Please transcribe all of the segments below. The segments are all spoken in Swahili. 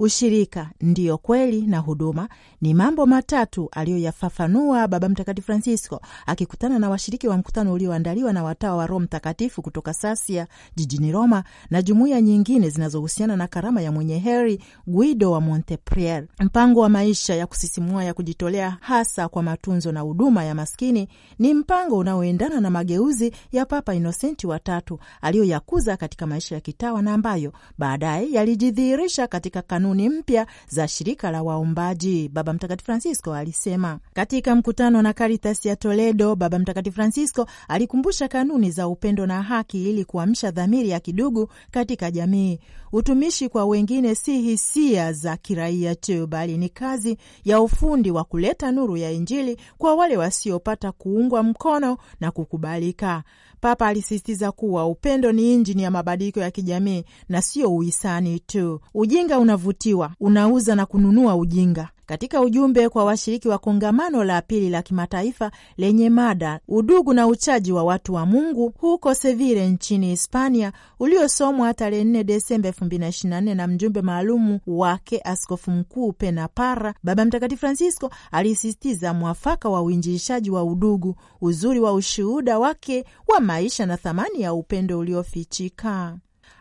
Ushirika, ndiyo kweli na huduma ni mambo matatu aliyoyafafanua Baba Mtakatifu Francisco akikutana na washiriki wa mkutano ulioandaliwa na watawa wa Roho Mtakatifu kutoka Sasia jijini Roma na jumuiya nyingine zinazohusiana na karama ya mwenye heri Guido wa Montepriere. mpango wa maisha ya kusisimua ya kujitolea hasa kwa matunzo na huduma ya maskini. Ni mpango unaoendana na mageuzi ya Papa Inosenti watatu aliyoyakuza katika maisha ya kitawa na ambayo baadaye yalijidhihirisha katika kanuni mpya za shirika la waombaji, Baba Mtakatifu Francisco alisema. Katika mkutano na Caritas ya Toledo, Baba Mtakatifu Francisco alikumbusha kanuni za upendo na haki ili kuamsha dhamiri ya kidugu katika jamii. Utumishi kwa wengine si hisia za kiraia tu, bali ni kazi ya ufundi wa kuleta nuru ya Injili kwa wale wasiopata kuungwa mkono na kukubalika. Papa alisisitiza kuwa upendo ni injini ya mabadiliko ya kijamii na sio uhisani tu. Ujinga unavutiwa, unauza na kununua ujinga. Katika ujumbe kwa washiriki wa kongamano la pili la kimataifa lenye mada udugu na uchaji wa watu wa Mungu huko Seville nchini Hispania, uliosomwa tarehe 4 Desemba 2024 na mjumbe maalumu wake Askofu Mkuu Pena Parra, Baba Mtakatifu Francisco alisisitiza mwafaka wa uinjilishaji wa udugu, uzuri wa ushuhuda wake wa maisha na thamani ya upendo uliofichika.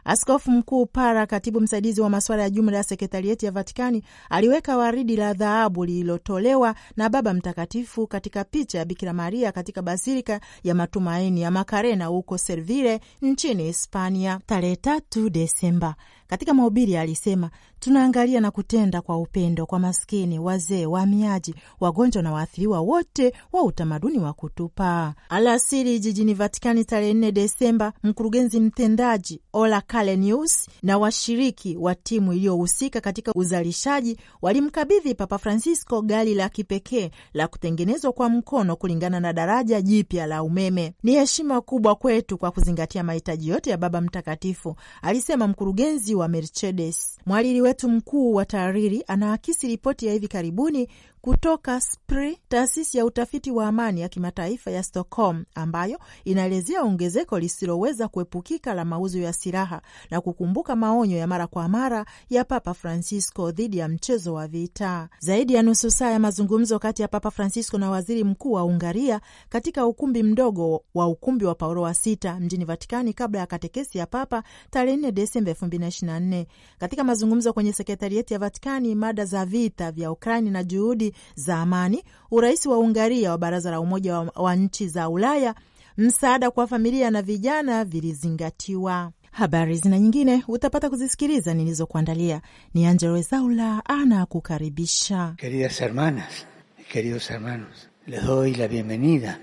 Askofu Mkuu Para, katibu msaidizi wa masuala ya jumla ya sekretarieti ya Vatikani, aliweka waridi la dhahabu lililotolewa na Baba Mtakatifu katika picha ya Bikira Maria katika basilika ya Matumaini ya Makarena huko Servile nchini Hispania tarehe 3 Desemba. Katika mahubiri alisema, tunaangalia na kutenda kwa upendo kwa maskini, wazee, wahamiaji, wagonjwa na waathiriwa wote wa utamaduni wa kutupa. Alasiri jijini Vatikani tarehe nne Desemba, mkurugenzi mtendaji Ola Kalenius na washiriki wa timu iliyohusika katika uzalishaji walimkabidhi Papa Francisco gari la kipekee la kutengenezwa kwa mkono kulingana na daraja jipya la umeme. Ni heshima kubwa kwetu kwa kuzingatia mahitaji yote ya Baba Mtakatifu, alisema mkurugenzi wa Mercedes. Mhariri wetu mkuu wa tahariri anaakisi ripoti ya hivi karibuni kutoka SPRI, taasisi ya utafiti wa amani ya kimataifa ya Stockholm, ambayo inaelezea ongezeko lisiloweza kuepukika la mauzo ya silaha na kukumbuka maonyo ya mara kwa mara ya Papa Francisco dhidi ya mchezo wa vita. Zaidi ya nusu saa ya mazungumzo kati ya Papa Francisco na waziri mkuu wa Ungaria katika ukumbi mdogo wa ukumbi wa Paulo wa sita mjini Vatikani kabla ya katekesi ya Papa tarehe 4 Desemba 2024. Katika mazungumzo kwenye sekretarieti ya Vatikani, mada za vita vya Ukraini na juhudi za amani, urais wa Ungaria wa baraza la umoja wa nchi za Ulaya, msaada kwa familia na vijana vilizingatiwa. Habari zina nyingine utapata kuzisikiliza nilizokuandalia. Ni Angelo Wezaula ana kukaribisha. Queridas hermanas queridos hermanos les doy la bienvenida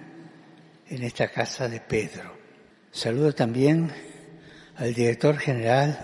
en esta casa de Pedro. Saludo también al director general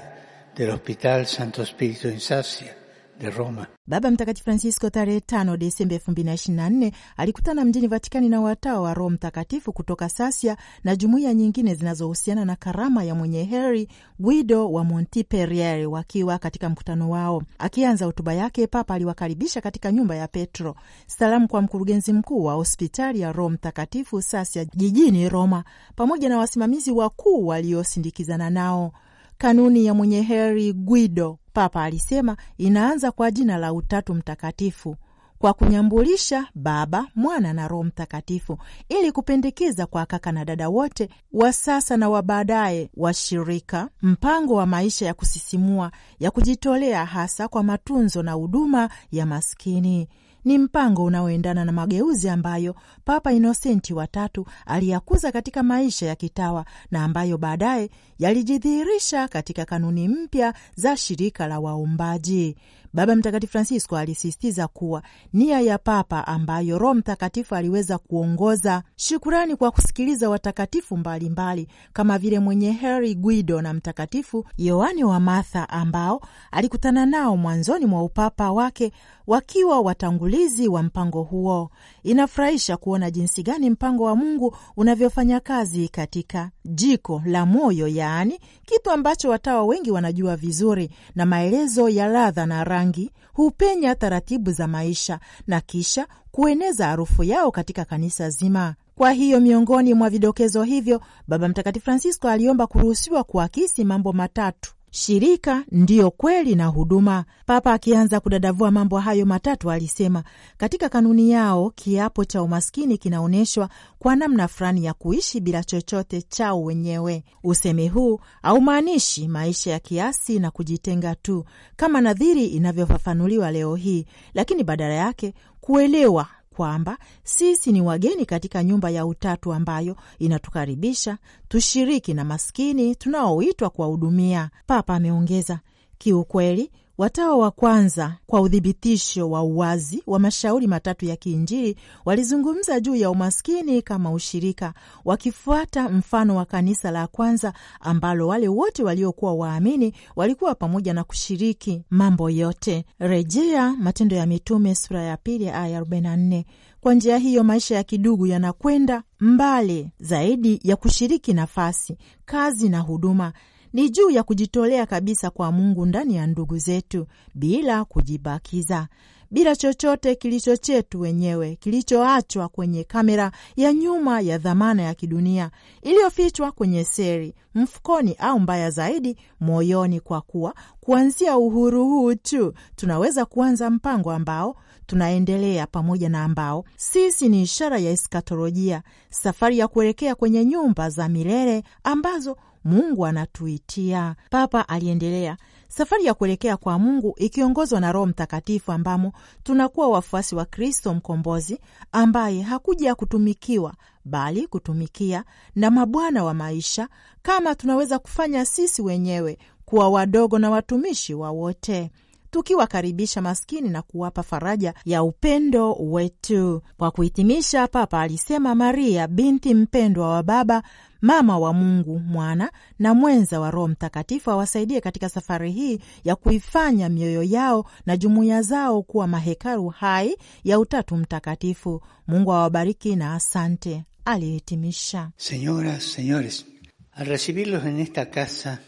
del Hospital Santo Espíritu Insacia de Roma. Baba Mtakatifu Francisco tarehe 5 Desemba 2024 alikutana mjini Vatikani na watawa wa Roho Mtakatifu kutoka Sasia na jumuiya nyingine zinazohusiana na karama ya mwenye heri Guido wa Montiperiere. Wakiwa katika mkutano wao, akianza hotuba yake, Papa aliwakaribisha katika nyumba ya Petro. Salamu kwa mkurugenzi mkuu wa hospitali ya Roho Mtakatifu Sasia jijini Roma, pamoja na wasimamizi wakuu waliosindikizana nao. Kanuni ya mwenye heri Guido Papa alisema inaanza kwa jina la Utatu Mtakatifu kwa kunyambulisha Baba, Mwana na Roho Mtakatifu, ili kupendekeza kwa kaka na dada wote wa sasa na wa baadaye washirika mpango wa maisha ya kusisimua ya kujitolea, hasa kwa matunzo na huduma ya maskini. Ni mpango unaoendana na mageuzi ambayo Papa Inosenti watatu aliyakuza katika maisha ya kitawa na ambayo baadaye yalijidhihirisha katika kanuni mpya za shirika la waumbaji. Baba Mtakatifu Francisco alisisitiza kuwa nia ya Papa ambayo Roho Mtakatifu aliweza kuongoza shukurani kwa kusikiliza watakatifu mbalimbali mbali, kama vile mwenye heri Guido na Mtakatifu Yohane wa Matha ambao alikutana nao mwanzoni mwa upapa wake wakiwa watangulizi wa mpango huo. Inafurahisha kuona jinsi gani mpango wa Mungu unavyofanya kazi katika jiko la moyo, yaani kitu ambacho watawa wengi wanajua vizuri na maelezo ya ladha na rangi rangi hupenya taratibu za maisha na kisha kueneza harufu yao katika kanisa zima. Kwa hiyo miongoni mwa vidokezo hivyo, Baba Mtakatifu Francisco aliomba kuruhusiwa kuakisi mambo matatu shirika ndiyo kweli na huduma. Papa akianza kudadavua mambo hayo matatu alisema, katika kanuni yao kiapo cha umaskini kinaonyeshwa kwa namna fulani ya kuishi bila chochote chao wenyewe. Usemi huu haumaanishi maisha ya kiasi na kujitenga tu kama nadhiri inavyofafanuliwa leo hii, lakini badala yake kuelewa kwamba sisi ni wageni katika nyumba ya utatu ambayo inatukaribisha tushiriki na maskini tunaoitwa kuwahudumia. Papa ameongeza, kiukweli Watawa wa kwanza, kwa uthibitisho wa uwazi wa mashauri matatu ya kiinjili, walizungumza juu ya umaskini kama ushirika, wakifuata mfano wa kanisa la kwanza ambalo wale wote waliokuwa waamini walikuwa pamoja na kushiriki mambo yote, rejea Matendo ya Mitume sura ya pili aya 44. Kwa njia hiyo maisha ya kidugu yanakwenda mbali zaidi ya kushiriki nafasi, kazi na huduma ni juu ya kujitolea kabisa kwa Mungu ndani ya ndugu zetu bila kujibakiza bila chochote kilicho chetu wenyewe kilichoachwa kwenye kamera ya nyuma ya dhamana ya kidunia iliyofichwa kwenye seri, mfukoni, au mbaya zaidi, moyoni, kwa kuwa kuanzia uhuru huu tu tunaweza kuanza mpango ambao tunaendelea pamoja na ambao sisi ni ishara ya eskatolojia, safari ya kuelekea kwenye nyumba za milele ambazo Mungu anatuitia. Papa aliendelea safari ya kuelekea kwa Mungu ikiongozwa na Roho Mtakatifu, ambamo tunakuwa wafuasi wa Kristo mkombozi ambaye hakuja kutumikiwa bali kutumikia na mabwana wa maisha, kama tunaweza kufanya sisi wenyewe, kuwa wadogo na watumishi wa wote tukiwakaribisha maskini na kuwapa faraja ya upendo wetu. Kwa kuhitimisha, Papa alisema Maria, binti mpendwa wa Baba, mama wa Mungu Mwana na mwenza wa Roho Mtakatifu, awasaidie katika safari hii ya kuifanya mioyo yao na jumuiya zao kuwa mahekalu hai ya Utatu Mtakatifu. Mungu awabariki na asante, alihitimisha. Señoras, señores, al recibirlos en esta casa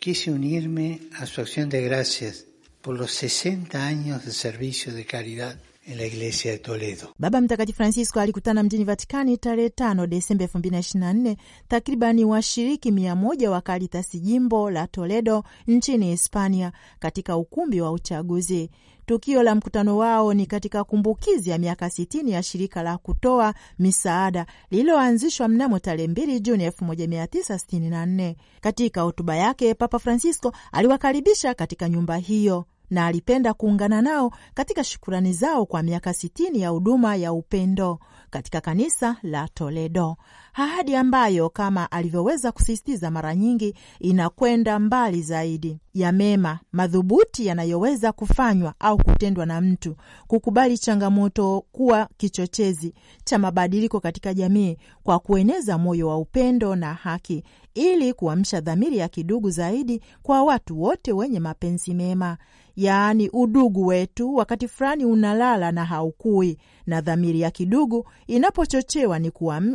quise unirme a su acción de gracias por los 60 años de servicio de caridad la Iglesia de Toledo. Baba Mtakatifu Francisco alikutana mjini Vatikani tarehe 5 Desemba nne takribani washiriki mia moja wa Karitasi jimbo la Toledo nchini Hispania katika ukumbi wa uchaguzi. Tukio la mkutano wao ni katika kumbukizi ya miaka sitini ya shirika la kutoa misaada lililoanzishwa mnamo tarehe 2 Juni 1964. Katika hotuba yake, Papa Francisco aliwakaribisha katika nyumba hiyo na alipenda kuungana nao katika shukurani zao kwa miaka sitini ya huduma ya upendo katika kanisa la Toledo, ahadi ambayo kama alivyoweza kusisitiza mara nyingi inakwenda mbali zaidi ya mema madhubuti yanayoweza kufanywa au kutendwa na mtu, kukubali changamoto kuwa kichochezi cha mabadiliko katika jamii kwa kueneza moyo wa upendo na haki, ili kuamsha dhamiri ya kidugu zaidi kwa watu wote wenye mapenzi mema. Yaani, udugu wetu wakati fulani unalala na haukui na dhamiri ya kidugu inapochochewa ni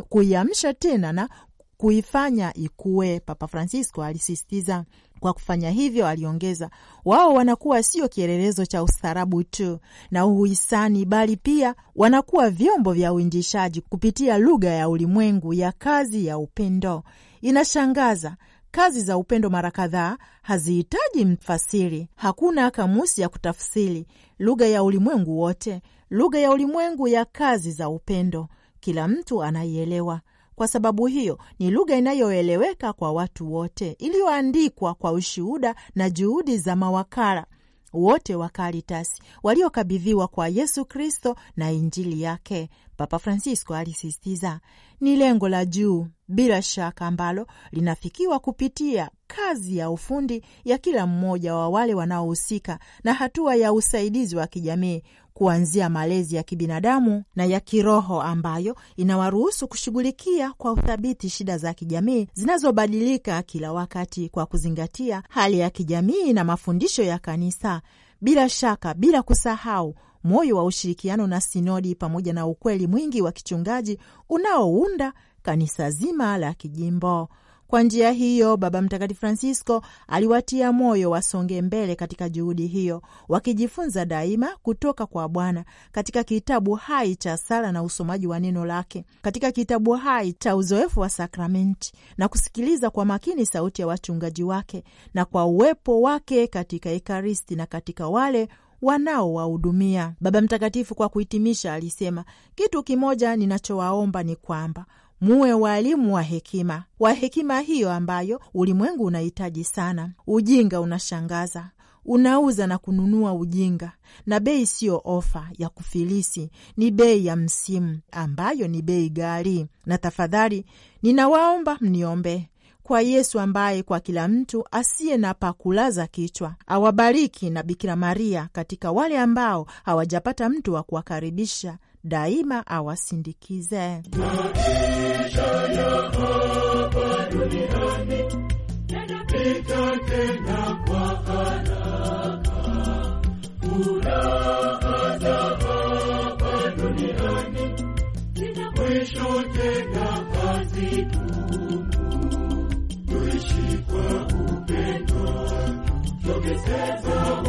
kuiamsha tena na kuifanya ikuwe Papa Francisco alisisitiza kwa kufanya hivyo, aliongeza, wao wanakuwa sio kielelezo cha ustaarabu tu na uhuisani, bali pia wanakuwa vyombo vya uinjishaji kupitia lugha ya ulimwengu ya kazi ya upendo. Inashangaza, kazi za upendo mara kadhaa hazihitaji mfasiri. Hakuna kamusi ya kutafsiri lugha ya ulimwengu wote lugha ya ulimwengu ya kazi za upendo, kila mtu anaielewa. Kwa sababu hiyo ni lugha inayoeleweka kwa watu wote, iliyoandikwa kwa ushuhuda na juhudi za mawakala wote wa Karitasi waliokabidhiwa kwa Yesu Kristo na Injili yake. Papa Francisco alisisitiza ni lengo la juu bila shaka ambalo linafikiwa kupitia kazi ya ufundi ya kila mmoja wa wale wanaohusika na hatua ya usaidizi wa kijamii kuanzia malezi ya kibinadamu na ya kiroho ambayo inawaruhusu kushughulikia kwa uthabiti shida za kijamii zinazobadilika kila wakati kwa kuzingatia hali ya kijamii na mafundisho ya Kanisa, bila shaka, bila kusahau moyo wa ushirikiano na sinodi pamoja na ukweli mwingi wa kichungaji unaounda kanisa zima la kijimbo. Kwa njia hiyo Baba Mtakatifu Francisco aliwatia moyo wasonge mbele katika juhudi hiyo, wakijifunza daima kutoka kwa Bwana katika kitabu hai cha sala na usomaji wa neno lake, katika kitabu hai cha uzoefu wa sakramenti, na kusikiliza kwa makini sauti ya wachungaji wake, na kwa uwepo wake katika Ekaristi na katika wale wanaowahudumia. Baba Mtakatifu kwa kuhitimisha, alisema kitu kimoja ninachowaomba ni kwamba muwe walimu wa hekima, wa hekima hiyo ambayo ulimwengu unahitaji sana. Ujinga unashangaza, unauza na kununua ujinga, na bei siyo ofa ya kufilisi, ni bei ya msimu ambayo ni bei ghali. Na tafadhali, ninawaomba mniombe kwa Yesu ambaye kwa kila mtu asiye na pa kulaza kichwa awabariki, na Bikira Maria katika wale ambao hawajapata mtu wa kuwakaribisha, daima awasindikize maisha ya hapa duniani yanapita tena kwa haraka. Furaha za hapa duniani zina mwisho, tena hazitumu. Tuishi kwa upendo, tugeseza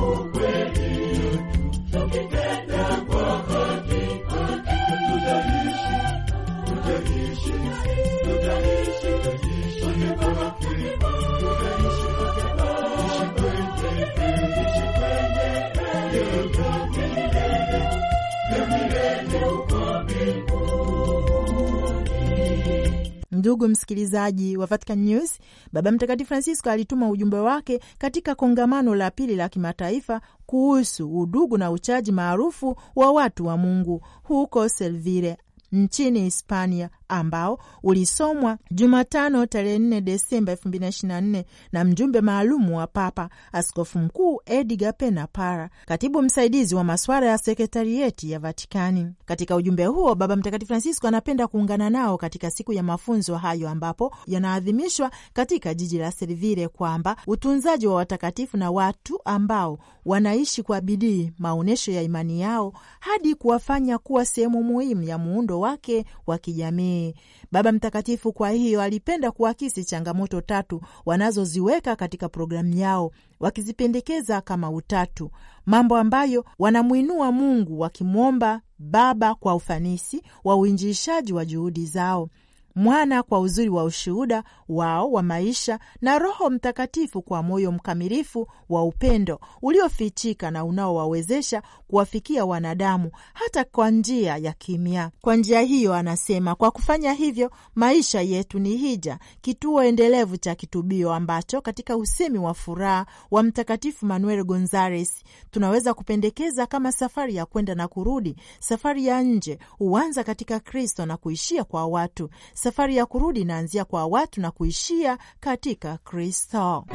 Ndugu msikilizaji wa Vatican News, Baba Mtakatifu Francisco alituma ujumbe wake katika kongamano la pili la kimataifa kuhusu udugu na uchaji maarufu wa watu wa Mungu huko selvire nchini Hispania ambao ulisomwa Jumatano tarehe 4 Desemba 2024 na mjumbe maalum wa Papa, Askofu Mkuu Edgar Pena Para, katibu msaidizi wa masuala ya sekretarieti ya Vatikani. Katika ujumbe huo, Baba Mtakatifu Francisco anapenda kuungana nao katika siku ya mafunzo hayo ambapo yanaadhimishwa katika jiji la Servire, kwamba utunzaji wa watakatifu na watu ambao wanaishi kwa bidii maonyesho ya imani yao hadi kuwafanya kuwa sehemu muhimu ya muundo wake wa kijamii jamii. Baba Mtakatifu kwa hiyo alipenda kuakisi changamoto tatu wanazoziweka katika programu yao, wakizipendekeza kama Utatu, mambo ambayo wanamwinua Mungu wakimwomba Baba kwa ufanisi wa uinjiishaji wa juhudi zao. Mwana kwa uzuri wa ushuhuda wao wa maisha na Roho Mtakatifu kwa moyo mkamilifu wa upendo uliofichika na unaowawezesha kuwafikia wanadamu hata kwa njia ya kimya. Kwa njia hiyo, anasema, kwa kufanya hivyo maisha yetu ni hija, kituo endelevu cha kitubio ambacho katika usemi wa furaha wa Mtakatifu Manuel Gonzales tunaweza kupendekeza kama safari ya kwenda na kurudi, safari ya nje huanza katika Kristo na kuishia kwa watu. Safari ya kurudi inaanzia kwa watu na kuishia katika Kristo.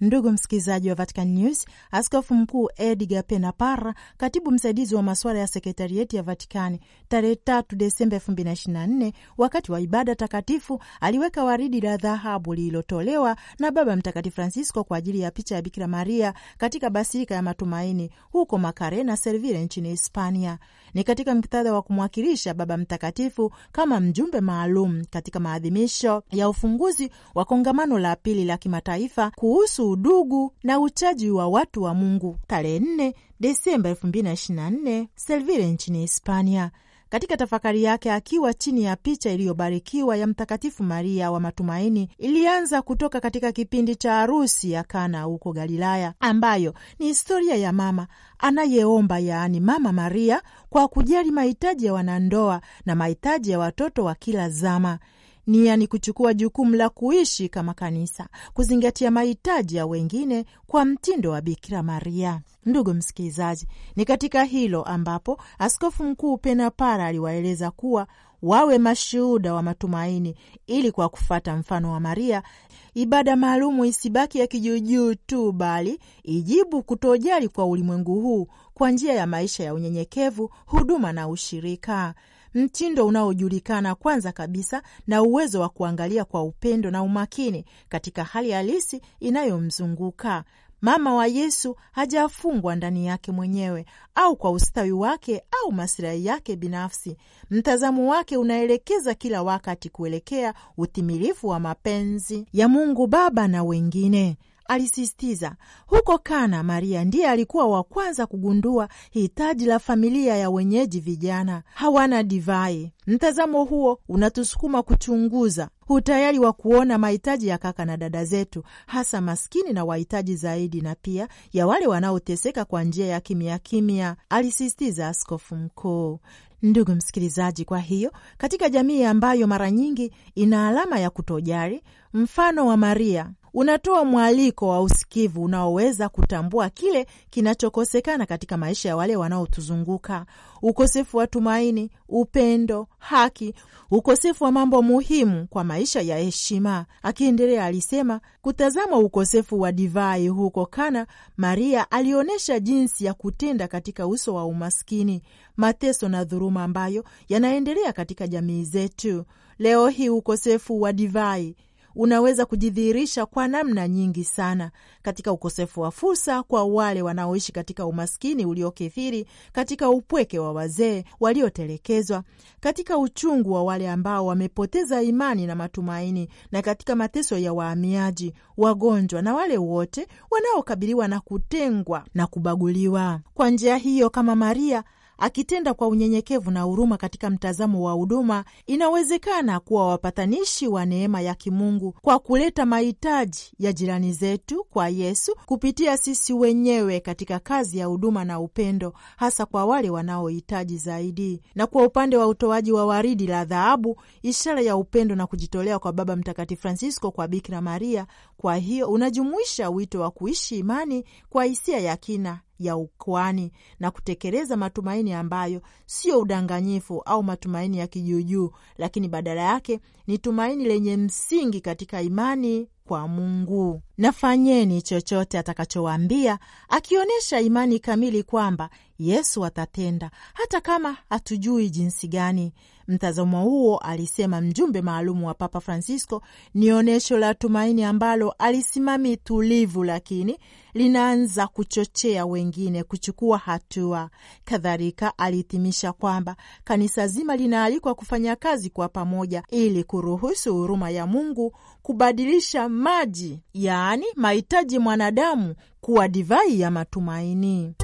Ndugu msikilizaji wa Vatican News, askofu mkuu Edgar Penapara, katibu msaidizi wa masuala ya sekretarieti ya Vatikani, tarehe 3 Desemba 2024 wakati wa ibada takatifu aliweka waridi la dhahabu lililotolewa na Baba Mtakatifu Francisco kwa ajili ya picha ya Bikira Maria katika Basilika ya Matumaini huko Makarena Servire nchini Hispania ni katika muktadha wa kumwakilisha Baba Mtakatifu kama mjumbe maalum katika maadhimisho ya ufunguzi wa kongamano la pili la kimataifa kuhusu udugu na uchaji wa watu wa Mungu tarehe 4 Desemba 2024 selvire nchini Hispania katika tafakari yake akiwa chini ya picha iliyobarikiwa ya Mtakatifu Maria wa Matumaini ilianza kutoka katika kipindi cha harusi ya Kana huko Galilaya, ambayo ni historia ya mama anayeomba, yaani Mama Maria, kwa kujali mahitaji ya wanandoa na mahitaji ya watoto wa kila zama. Nia ni kuchukua jukumu la kuishi kama kanisa, kuzingatia mahitaji ya wengine kwa mtindo wa Bikira Maria. Ndugu msikilizaji, ni katika hilo ambapo Askofu Mkuu Penapara aliwaeleza kuwa wawe mashuhuda wa matumaini, ili kwa kufata mfano wa Maria, ibada maalumu isibaki ya kijuujuu tu, bali ijibu kutojali kwa ulimwengu huu kwa njia ya maisha ya unyenyekevu, huduma na ushirika mtindo unaojulikana kwanza kabisa na uwezo wa kuangalia kwa upendo na umakini katika hali halisi inayomzunguka. Mama wa Yesu hajafungwa ndani yake mwenyewe au kwa ustawi wake au masilahi yake binafsi. Mtazamo wake unaelekeza kila wakati kuelekea utimilifu wa mapenzi ya Mungu Baba na wengine alisisitiza. Huko Kana, Maria ndiye alikuwa wa kwanza kugundua hitaji la familia ya wenyeji vijana. Hawana divai. Mtazamo huo unatusukuma kuchunguza utayari wa kuona mahitaji ya kaka na dada zetu, hasa maskini na wahitaji zaidi, na pia ya wale wanaoteseka kwa njia ya kimya kimya, alisisitiza askofu mkuu. Ndugu msikilizaji, kwa hiyo katika jamii ambayo mara nyingi ina alama ya kutojali, mfano wa Maria unatoa mwaliko wa usikivu unaoweza kutambua kile kinachokosekana katika maisha ya wale wanaotuzunguka: ukosefu wa tumaini, upendo, haki, ukosefu wa mambo muhimu kwa maisha ya heshima. Akiendelea alisema, kutazama ukosefu wa divai huko Kana, Maria alionyesha jinsi ya kutenda katika uso wa umaskini, mateso na dhuluma ambayo yanaendelea katika jamii zetu leo hii. Ukosefu wa divai unaweza kujidhihirisha kwa namna nyingi sana katika ukosefu wa fursa kwa wale wanaoishi katika umaskini uliokithiri, katika upweke wa wazee waliotelekezwa, katika uchungu wa wale ambao wamepoteza imani na matumaini, na katika mateso ya wahamiaji, wagonjwa na wale wote wanaokabiliwa na kutengwa na kubaguliwa. Kwa njia hiyo, kama Maria akitenda kwa unyenyekevu na huruma katika mtazamo wa huduma, inawezekana kuwa wapatanishi wa neema ya kimungu kwa kuleta mahitaji ya jirani zetu kwa Yesu kupitia sisi wenyewe katika kazi ya huduma na upendo, hasa kwa wale wanaohitaji zaidi. Na kwa upande wa utoaji wa waridi la dhahabu, ishara ya upendo na kujitolea kwa Baba Mtakatifu Francisco kwa Bikira Maria, kwa hiyo unajumuisha wito wa kuishi imani kwa hisia ya kina ya ukwani na kutekeleza matumaini ambayo sio udanganyifu au matumaini ya kijuujuu, lakini badala yake ni tumaini lenye msingi katika imani kwa Mungu. Nafanyeni chochote atakachowaambia, akionyesha imani kamili kwamba Yesu atatenda hata kama hatujui jinsi gani. Mtazamo huo, alisema mjumbe maalum wa Papa Francisco, ni onyesho la tumaini ambalo alisimami tulivu, lakini linaanza kuchochea wengine kuchukua hatua. Kadhalika alihitimisha kwamba kanisa zima linaalikwa kufanya kazi kwa pamoja ili kuruhusu huruma ya Mungu kubadilisha maji, yaani mahitaji mwanadamu, kuwa divai ya matumaini.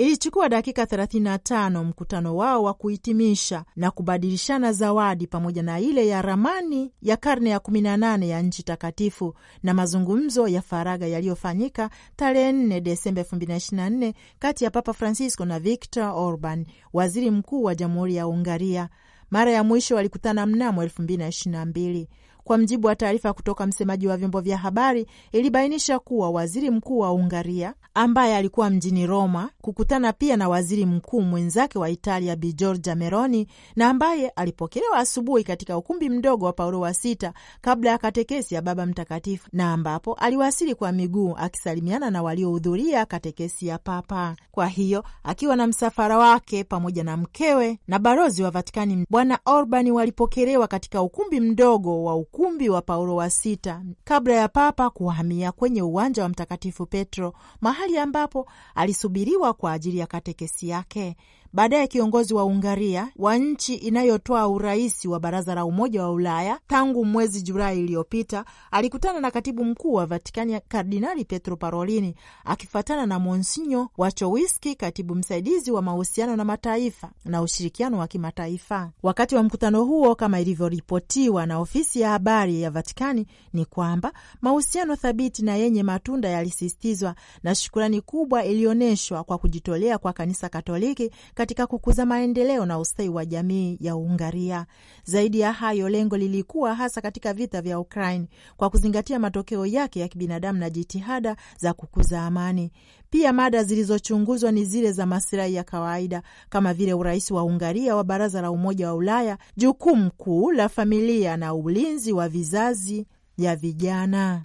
Ilichukua dakika 35 mkutano wao wa kuhitimisha na kubadilishana zawadi pamoja na ile ya ramani ya karne ya 18 ya nchi takatifu na mazungumzo ya faraga yaliyofanyika tarehe 4 Desemba 2024 kati ya Papa Francisco na victor Orban, waziri mkuu wa Jamhuri ya Ungaria. Mara ya mwisho walikutana mnamo 2022. Kwa mjibu wa taarifa kutoka msemaji wa vyombo vya habari, ilibainisha kuwa waziri mkuu wa Ungaria ambaye alikuwa mjini Roma kukutana pia na waziri mkuu mwenzake wa Italia Bi Giorgia Meloni na ambaye alipokelewa asubuhi katika ukumbi mdogo wa Paulo wa Sita kabla ya katekesi ya Baba Mtakatifu na ambapo aliwasili kwa miguu akisalimiana na waliohudhuria katekesi ya Papa. Kwa hiyo akiwa na msafara wake pamoja na mkewe na balozi wa Vatikani Bwana Orbani walipokelewa katika ukumbi mdogo wa ukumbi ukumbi wa Paulo wa sita kabla ya Papa kuhamia kwenye uwanja wa Mtakatifu Petro, mahali ambapo alisubiriwa kwa ajili ya katekesi yake baadaye kiongozi wa Ungaria wa nchi inayotoa urais wa baraza la Umoja wa Ulaya tangu mwezi Julai iliyopita, alikutana na katibu mkuu wa Vatikani Kardinali petro Parolini akifuatana na Monsinyo Wachowiski, katibu msaidizi wa mahusiano na mataifa na ushirikiano wa kimataifa. Wakati wa mkutano huo, kama ilivyoripotiwa na ofisi ya habari ya Vatikani, ni kwamba mahusiano thabiti na yenye matunda yalisisitizwa na shukurani kubwa ilionyeshwa kwa kujitolea kwa kanisa Katoliki katika kukuza maendeleo na ustawi wa jamii ya Uungaria. Zaidi ya hayo, lengo lilikuwa hasa katika vita vya Ukraine kwa kuzingatia matokeo yake ya kibinadamu na jitihada za kukuza amani. Pia mada zilizochunguzwa ni zile za masilahi ya kawaida kama vile urais wa Ungaria wa Baraza la Umoja wa Ulaya, jukumu kuu la familia na ulinzi wa vizazi ya vijana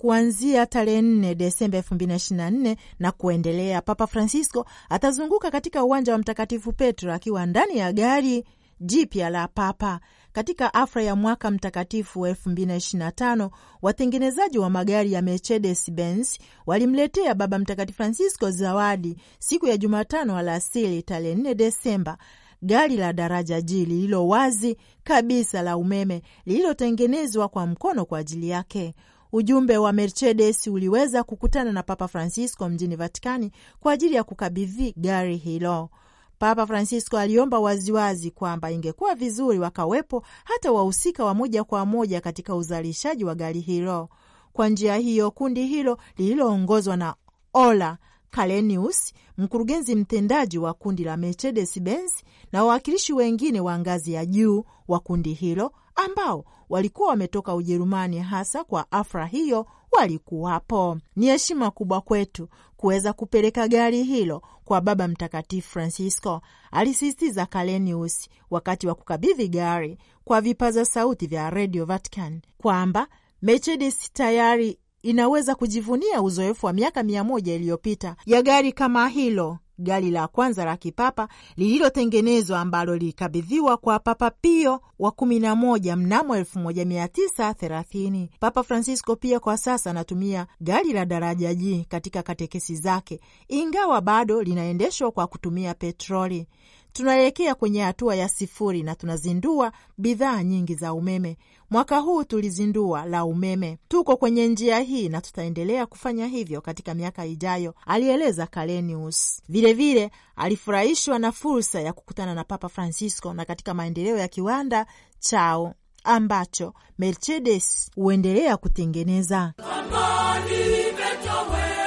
kuanzia tarehe 4 Desemba 2024 na kuendelea. Papa Francisco atazunguka katika uwanja wa Mtakatifu Petro akiwa ndani ya gari jipya la Papa. Katika afra ya mwaka mtakatifu 2025 watengenezaji wa magari ya Mercedes Benz walimletea Baba Mtakatifu Francisco zawadi siku ya Jumatano alasiri tarehe 4 Desemba, gari la daraja jii lililo wazi kabisa la umeme lililotengenezwa kwa mkono kwa ajili yake. Ujumbe wa Mercedes uliweza kukutana na Papa Francisco mjini Vatikani kwa ajili ya kukabidhi gari hilo. Papa Francisco aliomba waziwazi kwamba ingekuwa vizuri wakawepo hata wahusika wa moja kwa moja katika uzalishaji wa gari hilo. Kwa njia hiyo, kundi hilo lililoongozwa na Ola Kalenius, mkurugenzi mtendaji wa kundi la Mercedes Benz, na wawakilishi wengine wa ngazi ya juu wa kundi hilo ambao walikuwa wametoka Ujerumani hasa kwa afra hiyo walikuwapo. Ni heshima kubwa kwetu kuweza kupeleka gari hilo kwa Baba Mtakatifu Francisco, alisisitiza Kalenius wakati wa kukabidhi gari kwa vipaza sauti vya Radio Vatican kwamba Mercedes tayari inaweza kujivunia uzoefu wa miaka mia moja iliyopita ya gari kama hilo gari la kwanza la kipapa lililotengenezwa ambalo lilikabidhiwa kwa Papa Pio wa kumi na moja mnamo elfu moja mia tisa thelathini. Papa Francisco pia kwa sasa anatumia gari la daraja jii katika katekesi zake, ingawa bado linaendeshwa kwa kutumia petroli. Tunaelekea kwenye hatua ya sifuri na tunazindua bidhaa nyingi za umeme. Mwaka huu tulizindua la umeme. Tuko kwenye njia hii na tutaendelea kufanya hivyo katika miaka ijayo, alieleza Kalenius. Vilevile alifurahishwa na fursa ya kukutana na Papa Francisco na katika maendeleo ya kiwanda chao ambacho Mercedes huendelea kutengeneza Kamani,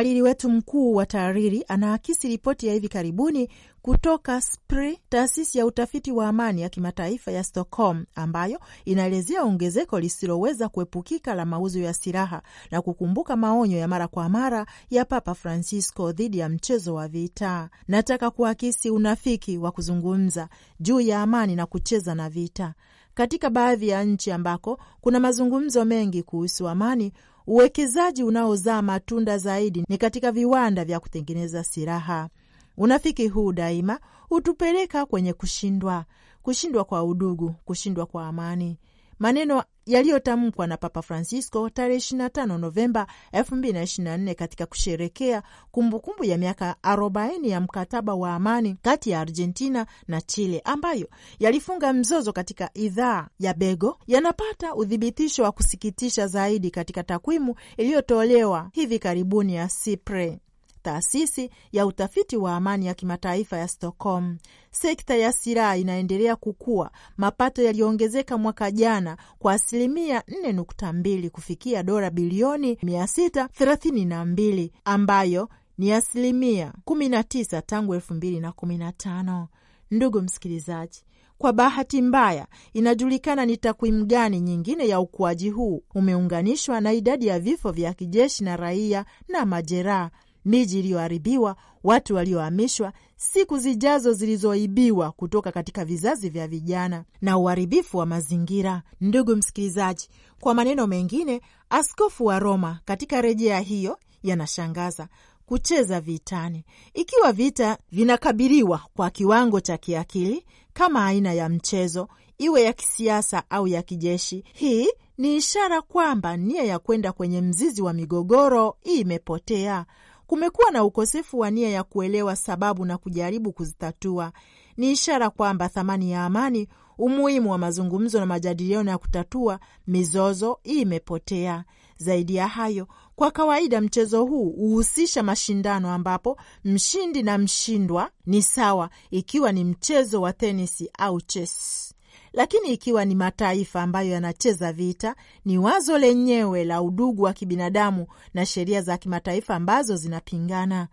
Mhariri wetu mkuu wa taariri anaakisi ripoti ya hivi karibuni kutoka SPRI, taasisi ya utafiti wa amani ya kimataifa ya Stockholm, ambayo inaelezea ongezeko lisiloweza kuepukika la mauzo ya silaha na kukumbuka maonyo ya mara kwa mara ya Papa Francisco dhidi ya mchezo wa vita. Nataka kuakisi unafiki wa kuzungumza juu ya amani na kucheza na vita. Katika baadhi ya nchi ambako kuna mazungumzo mengi kuhusu amani, Uwekezaji unaozaa matunda zaidi ni katika viwanda vya kutengeneza silaha. Unafiki huu daima hutupeleka kwenye kushindwa, kushindwa kwa udugu, kushindwa kwa amani maneno yaliyotamkwa na Papa Francisco tarehe 25 Novemba 2024 katika kusherekea kumbukumbu kumbu ya miaka 40 ya mkataba wa amani kati ya Argentina na Chile ambayo yalifunga mzozo katika idhaa ya Bego, yanapata udhibitisho wa kusikitisha zaidi katika takwimu iliyotolewa hivi karibuni ya SIPRE taasisi ya utafiti wa amani ya kimataifa ya Stockholm. Sekta ya silaha inaendelea kukua, mapato yaliyoongezeka mwaka jana kwa asilimia 4.2 kufikia dola bilioni 632 ambayo ni asilimia 19 tangu 2015. Ndugu msikilizaji, kwa bahati mbaya, inajulikana ni takwimu gani nyingine ya ukuaji huu umeunganishwa na idadi ya vifo vya kijeshi na raia na majeraha miji iliyoharibiwa, watu waliohamishwa, siku zijazo zilizoibiwa kutoka katika vizazi vya vijana na uharibifu wa mazingira. Ndugu msikilizaji, kwa maneno mengine, askofu wa Roma katika rejea hiyo yanashangaza kucheza vitani, ikiwa vita vinakabiliwa kwa kiwango cha kiakili kama aina ya mchezo, iwe ya kisiasa au ya kijeshi. Hii ni ishara kwamba nia ya kwenda kwenye mzizi wa migogoro imepotea. Kumekuwa na ukosefu wa nia ya kuelewa sababu na kujaribu kuzitatua. Ni ishara kwamba thamani ya amani, umuhimu wa mazungumzo na majadiliano ya kutatua mizozo imepotea. Zaidi ya hayo, kwa kawaida mchezo huu huhusisha mashindano ambapo mshindi na mshindwa ni sawa, ikiwa ni mchezo wa tenisi au chess. Lakini ikiwa ni mataifa ambayo yanacheza vita, ni wazo lenyewe la udugu wa kibinadamu na sheria za kimataifa ambazo zinapingana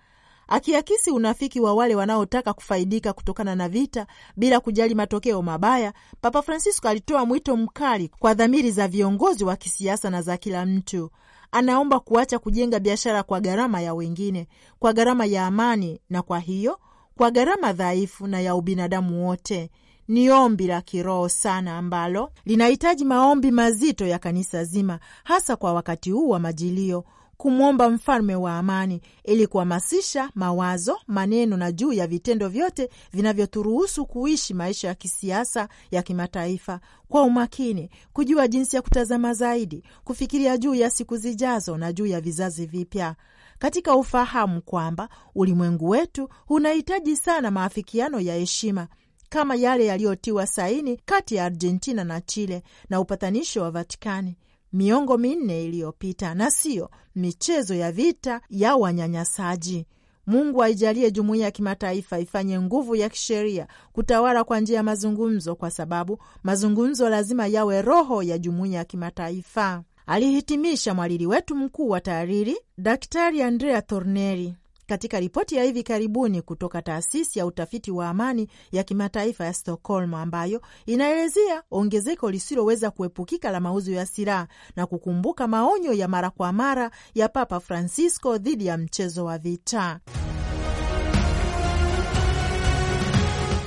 akiakisi unafiki wa wale wanaotaka kufaidika kutokana na vita bila kujali matokeo mabaya. Papa Francisco alitoa mwito mkali kwa dhamiri za viongozi wa kisiasa na za kila mtu. Anaomba kuacha kujenga biashara kwa gharama ya wengine, kwa gharama ya amani, na kwa hiyo kwa gharama dhaifu na ya ubinadamu wote ni ombi la kiroho sana ambalo linahitaji maombi mazito ya kanisa zima, hasa kwa wakati huu wa majilio, kumwomba mfalme wa amani ili kuhamasisha mawazo, maneno na juu ya vitendo vyote vinavyoturuhusu kuishi maisha ya kisiasa ya kimataifa kwa umakini, kujua jinsi ya kutazama zaidi, kufikiria juu ya siku zijazo na juu ya vizazi vipya katika ufahamu kwamba ulimwengu wetu unahitaji sana maafikiano ya heshima kama yale yaliyotiwa saini kati ya Argentina na Chile na upatanisho wa Vatikani miongo minne iliyopita na siyo michezo ya vita ya wanyanyasaji. Mungu aijalie jumuiya ya kimataifa ifanye nguvu ya kisheria kutawala kwa njia ya mazungumzo, kwa sababu mazungumzo lazima yawe roho ya jumuiya ya kimataifa, alihitimisha mwalili wetu mkuu wa taariri Daktari Andrea Torneri. Katika ripoti ya hivi karibuni kutoka taasisi ya utafiti wa amani ya kimataifa ya Stockholm ambayo inaelezea ongezeko lisiloweza kuepukika la mauzo ya silaha na kukumbuka maonyo ya mara kwa mara ya Papa Francisco dhidi ya mchezo wa vita.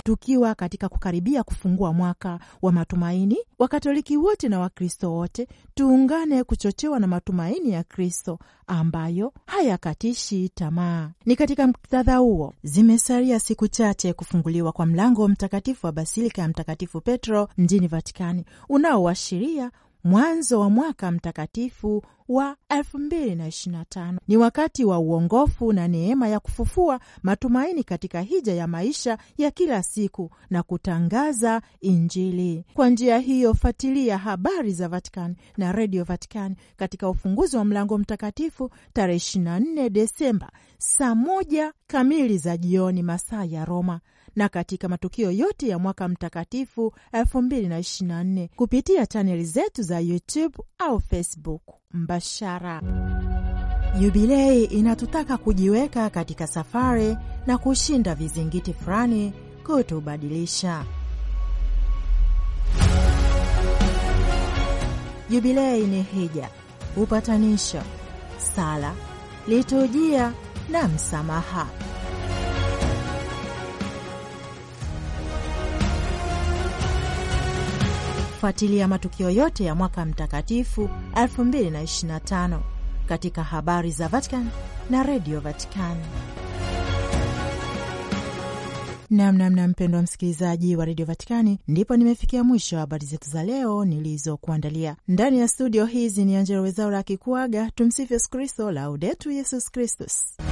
tukiwa katika kukaribia kufungua mwaka wa matumaini, Wakatoliki wote na Wakristo wote tuungane kuchochewa na matumaini ya Kristo ambayo hayakatishi tamaa. Ni katika muktadha huo, zimesalia siku chache kufunguliwa kwa mlango mtakatifu wa basilika ya Mtakatifu Petro mjini Vatikani unaoashiria mwanzo wa mwaka mtakatifu wa 2025. Ni wakati wa uongofu na neema ya kufufua matumaini katika hija ya maisha ya kila siku na kutangaza Injili. Kwa njia hiyo, fatilia habari za Vatikani na redio Vatican katika ufunguzi wa mlango mtakatifu tarehe 24 Desemba saa moja kamili za jioni masaa ya Roma na katika matukio yote ya mwaka mtakatifu 2024 kupitia chaneli zetu za YouTube au Facebook mbashara. Yubilei inatutaka kujiweka katika safari na kushinda vizingiti fulani kutubadilisha. Jubilei ni hija, upatanisho, sala, liturujia na msamaha. kufuatilia matukio yote ya mwaka mtakatifu 2025 katika habari za Vatican na redio Vatican. Namnamna mpendwa msikilizaji wa redio Vatikani, ndipo nimefikia mwisho wa habari zetu za leo nilizokuandalia. Ndani ya studio hizi ni Angela Wezaura akikuaga. Tumsifu Yesu Kristo, Laudetu Yesus Kristus.